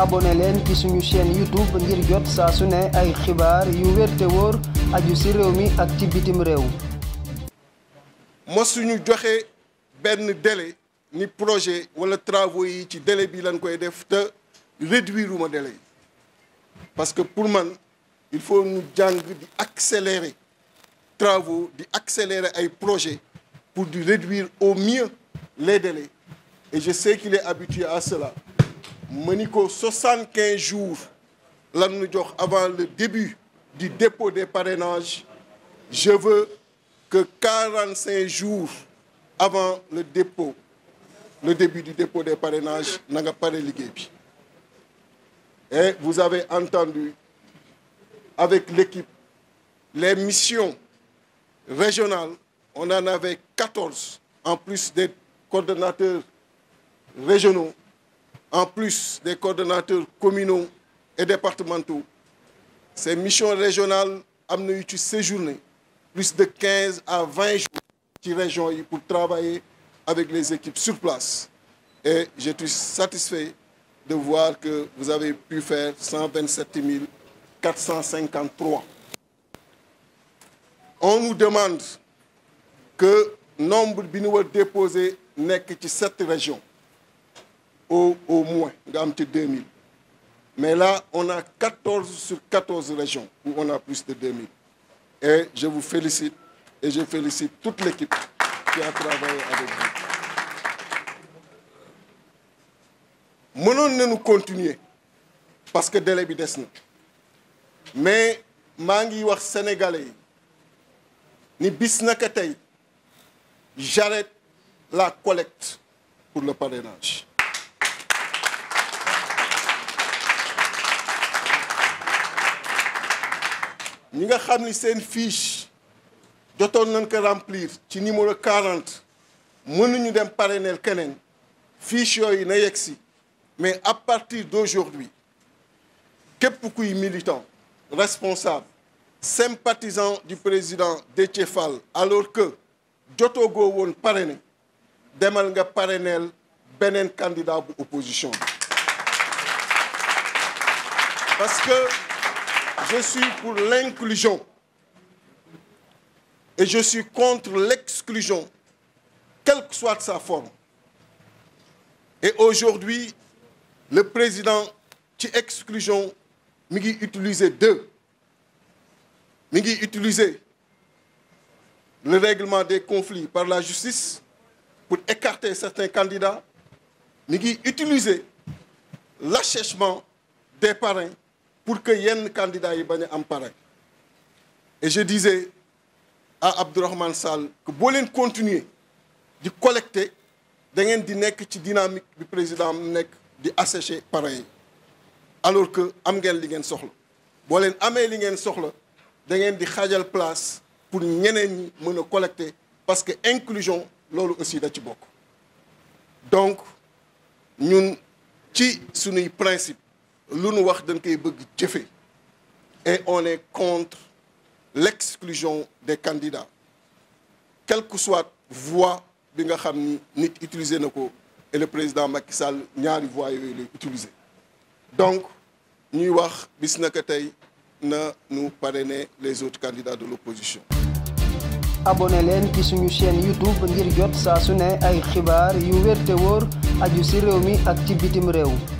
abonné leen ci suñu chaîne YouTube ngir jot saa su ne xibaar yu wér te ak ci bitim réew. mosuñu joxe benn délai ni projet wala travaux yi ci délai bi lañ koy def te réduire uma délai parce que pour man il faut ñu jàng di accélérer travaux di accélérer ay projets pour di réduire au mieux les délais et je sais qu'il est habitué à cela. ma ni ko soixante quinze jours lan nu jox avant le début du des parrainages je que quarante cinq jours avant le dépôt le début du dépôt des parrainages na nga pare liggéey bi et avec l'équipe les missions régionales on en avait en plus des coordonnateurs régionaux en plus des coordonnateurs communaux et départementaux ces missions régionales am na yu ci séjourné plus de quinze à vingt ci région yi pour travailler avec les sur place et je suis satisfait de voir que vous pu faire cent vingt sept mille quatre cent cinquante trois on demande que nombre bi ñu war déposé nekk ci sept régions au, au moins nga am ci 2000 mais là on a 14 sur 14 régions où on a plus de 2000 et je vous félicite et je félicite toute l'équipe qui a travaillé avec vous mënoon nañu continuer parce que délai bi des na mais maa ngi wax sénégalais yi ni bis naka la collecte pour le parrainage ñi nga xam ni seen fiche jotoon nañ ko remplir ci numéro 40 mënuñu dem parrainer keneen fiche yooyu na yegg si mais à partir d'aujourd'hui képp kuy militant responsable sympathisant du président Déthié Fall alors que jotoogoo woon parrainé demal nga parraineel beneen candidat bu opposition parce que je suis pour l'inclusion et je suis contre l'exclusion, quelle que soit sa forme. Et aujourd'hui, le président ci exclusion mi ngi utiliser deux mi ngi utiliser le règlement des conflits par la justice pour écarter certains candidats mi ngi utiliser l'achèchement des parrains pour que yenn candidats yi bañ a am parrain et je disais à Abdourahmane Sall que boo leen continuer di collecter da ngeen di nekk ci dynamique bi président nekk di asseché parrain yi alors que am ngeen li ngeen soxla boo leen amee li ngeen soxla da ngeen di xaajal place pour ñeneen ñi mën a collecter parce que inclusion loolu aussi da ci bokk donc ñun ci sunuy principe lu nu wax dañ koy bëgg jëfe et on est contre l'exclusion des candidats quelle que soit voie bi nga xam ni nit utiliser na ko et le président Macky Sall ñaari voies yooyu lay utiliser donc ñuy wax bis naka tey na nu ne les autres candidats de l'opposition abonné leen ci suñu chaîne YouTube ngir jot saa su ne ay xibaar yu wér te wóor aju ci réew mi ak ci bitim réew